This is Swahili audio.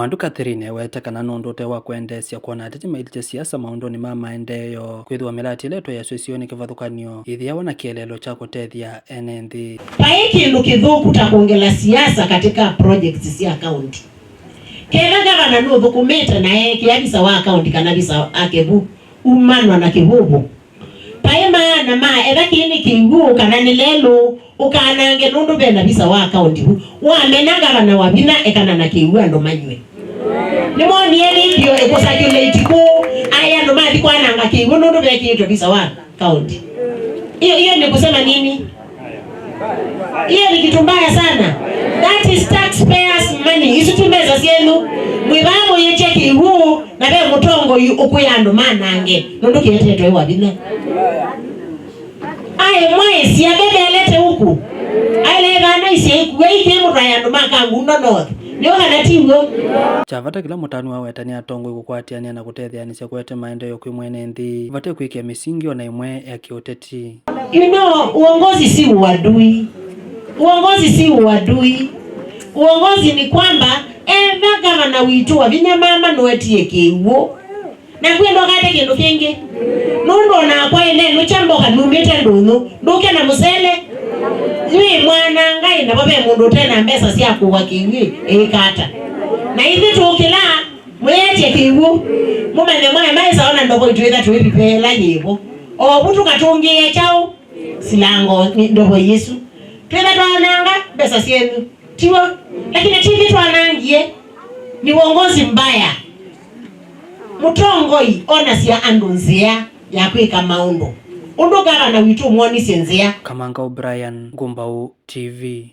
mwandu kathirine weetekana nundu ute wa kuendeesya kwona ateti mailite siasa maunduni ma maendeeo kwithiwa milati ila itweyasyo isioni kivathukanio ithiawa na kielelo cha kutethya ene nthi pai kindu kithuku ta kuongela siasa katika projects si sya kaunti kera gavana na naye kiavisa wa account kana visa akebu umanwa na kivuvu pai maana ma etha kini kiwu kana ni lelu ukanange nundu vena visa wa kaunti wamena na wavina ekana na kiwu andu manywe nimonieni ndio ikusaculate ku aya ndo mathi kwa nanga ki visa wa county hiyo hiyo ni kusema nini hiyo ni kitu mbaya sana that is taxpayers money isitume za zenu mwibamo yecheki huu na be mutongo ukuyandu manange nundu kiyetetwe wa bina aye mwesi abebe alete huku ale vana isi ikuwe ike mutu makangu nonothi Nĩona tingo chavata kila mutanu wa wetania atongo gukwatiania na gutetheanisia kuete maendeleo kwi mwene nthi vate kwikia misingi ona imwe ya kioteti. you know, uongozi si uadui uongozi si uadui uongozi ni kwamba etha gavana witu wa vinya mama niwetie kiw'o na kwe ndo kate nakuye ndokate kindu kingi nundona kwaine nuchamboka numite ndunu nduke na musele ni mwana ngai na ve mundu tena mbesa sya kuwa kingi ikata na ithi tukila mwetie kiwu saona mwae maisa ona ndovo itu itha tuivipela yivo katungi ya chao silango ndovo yesu tuwe twitha twananga mbesa syenu tiwa lakini tuwa nangie ni uongozi mbaya mutongoi ona cia andu nzia ya kwika maundu undu na witu mwonisye nzia kamanga brian Ngumbau TV